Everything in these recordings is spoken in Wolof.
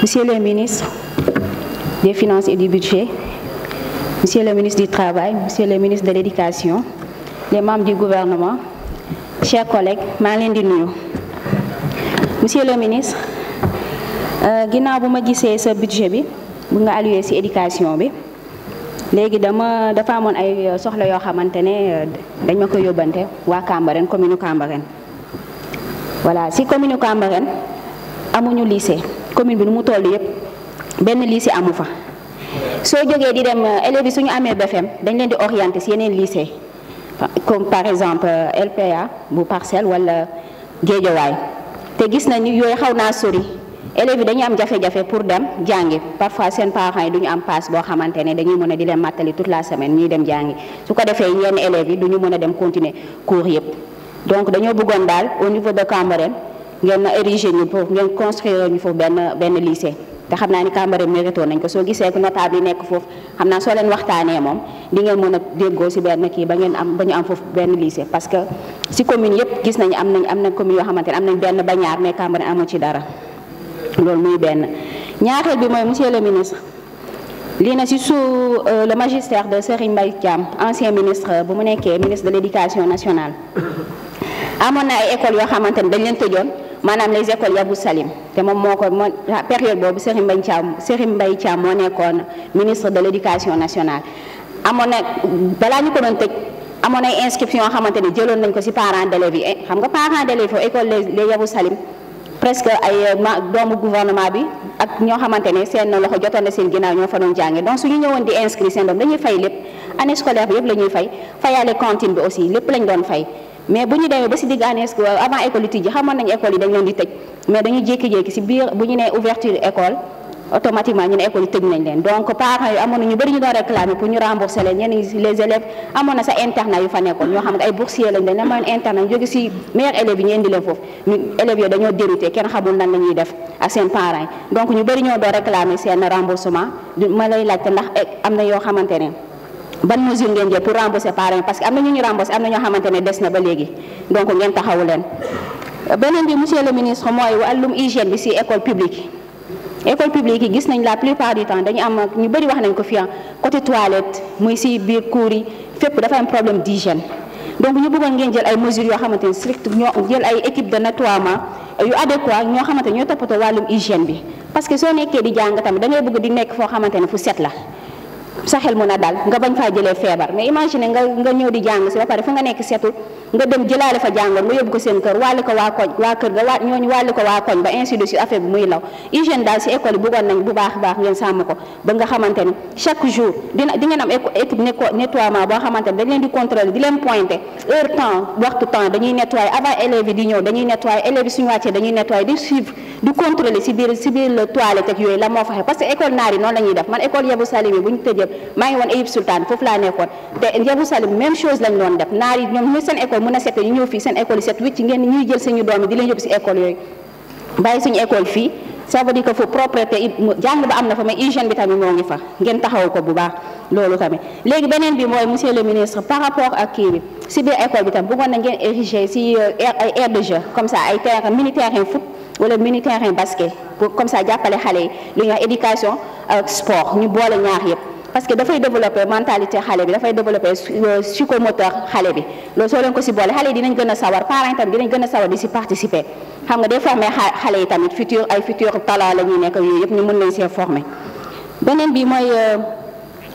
Monsieur le ministre des Finances et du Budget, Monsieur le ministre du Travail, Monsieur le ministre de l'Éducation, les membres du gouvernement, chers collègues, maa Monsieur le ministre je vous ce budget bi éducation bi dama euh, euh, été voilà amuñu lycée commune bi nu mu toll yëpp benn lycée amu fa soo jógee di dem euh, élèves yi suñu amee BFM e dañ leen di orienter si yeneen lycée comme par exemple euh, LPA bu parcelle wala géejawaay te gis nañu yooyu xaw naa sori élèves yi dañuy am jafe-jafe pour dem jàngi parfois seen parents yi du am paas boo xamante ne dañuy mën a di leen màttali toute la semaine ñuy dem jàngi su ko defee yenn élèves yi du mën a dem continuer cours yëpp donc dañoo bëggoon daal au niveau de Cameroun. ngeen ériger ñu pour ngeen construire ñu foofu ben ben lycée te xamna ni cambare mérito nañ ko so gisé ko notable yi nek foofu xamna so leen waxtané moom di ngeen mëna déggo ci si ki ba ngeen am bañu am foofu ben lycée parce que si commune yépp gis nañ am nañ am nañ commune yo xamanté am nañ ben ba mais cambare amu ci dara lool muy ben ñaareel bi moy monsieur le ministre li na si sous euh, le magistère de Serigne Mbaye Thiam ancien ministre bu mu nekké ministre de l'éducation nationale amona ay école yo xamante dañ leen tëjoon maanaam les écoles Yabou Salim te moom moo ko moo période boobu Serigne Mbaye Thiam Serigne Mbaye Thiam moo nekkoon ministre de l' éducation nationale. amoon na balaa ñu ko doon tëj amoon ay inscription yoo xamante ne jëloon nañ ko ci parents d'élèves yi eh, xam nga parents d'élèves yi école les les Yabou Salim presque ay euh, doomu gouvernement bi ak ñoo xamante ne seen loxo jotoon na seen ginnaaw ñoo fa doon jàngee donc su ñu ñëwoon di inscrire seen doom dañuy fay lépp année ñuy fay fayaale cantine bi aussi lépp lañ doon fay. mais bu ñu demee ba si digg année avant école yi tijji xamoon nañu école yi dañ leen di tëj mais dañu jékki-jékki si biir bu ñu nee ouverture école automatiquement ñu ne école yi tëj nañ leen donc parents yi amoon na ñu bëri ñu doon réclamer pour ñu rembourser leen ñenn ñi les élèves amoon na sa internat yu fa nekkoon ñoo jóge si meilleurs élèves yi ñu indi leen foofu élèves yooyu dañoo dérouté kenn xamul nan la def ak seen parents yi donc ñu bëri ñoo doon réclamer seen remboursement ma lay laajte ndax eh, am na yoo xamante ne ban mesure ngeen jël pour rembourser parents parce que am na ñu ñu rembourser am na ñoo xamante des na ba léegi donc ngeen taxawu leen. beneen bi monsieur le ministre mooy wàllum hygiène bi ci école publique école publique gis nañ la plupart du temps dañu am ñu bëri wax nañ ko fii côté toilette muy si biir cours yi fépp dafa am problème d'hygiène donc ñu bëggoon ngeen jël ay mesures yoo xamante ne strict ñoo jël ay équipe de nettoiement yu adéquat ñoo xamante ñoo toppatoo wàllum parce que soo nekkee di jàng tamit da ngay bëgg nekk foo xamante ne fu set la. sa xel mun a dal nga bañ faa jëlee feebar mais imagine nga nga ñëw di jàng si ba pare fu nga nekk setul nga dem jëlaale fa jàngoor nga yóbbu ko seen kër wàlli ko waa koñ waa kër ga waa ñooñu wàlli ko waa koñ ba ainsi de suite bi muy law hygiène daal si école yi bëggoon nañ bu baax baax ngeen sàmm ko ba nga xamante chaque jour dina di am équipe di contrôler di leen wàccee dañuy nettoyer di suivre di contrôler si biir le toilette yooyu la moo faxe parce école naar yi noonu la def man école Yabou yi bu ñu maa ngi woon Ayib Sultan école mën a seen école cette wicc ñuy jël seen doom di école yooyu école ça veut dire que propreté ba am na fa mais bi tamit moo ngi fa ngeen taxaw ko bu baax loolu tamit léegi beneen bi monsieur le ministre par rapport ak kii bi école bi tam bëggoon érigé si euh, de jeu comme ça ay terrain militaire, terrain foot wala mini basket pour comme ça jàppale éducation ak sport ñu parce que dafay développer mentalité xale bi dafay développer euh, psychomoteur xale bi loolu soo leen ko si boole xale yi dinañ gën a sawar parents tamit dinañ gën a sawar di si participer xam nga day former xale yi tamit futur ay futur talent la nekk yooyu yëpp ñu mën leen see former beneen bi mooy euh,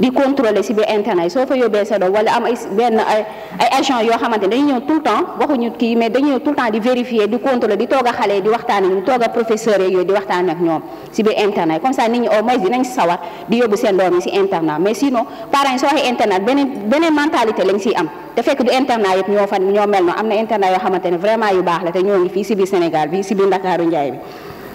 di contrôler si biir internet soo fa yóbbee sa doom wala am ay benn ay agent yoo xamante ne dañuy ñëw tout le temps waxuñu kii mais dañuy ñëw tout le temps di vérifier di contrôler di toog a xale di waxtaan ak ñoom a professeurs yeeg yooyu di waxtaan ak ñoom si biir internet comme ça nit ñi au moins dinañ sawar di yóbbu seen doom yi si internet mais sinon parents yi soo waxee internet beneen beneen mentalité lañ siy am te fekk du internet yëpp ñoo fan ñoo mel noonu am na internet yoo xamante ne vraiment yu baax la te ñoo ngi fii biir Sénégal bi si biir Ndakaaru Njaay bi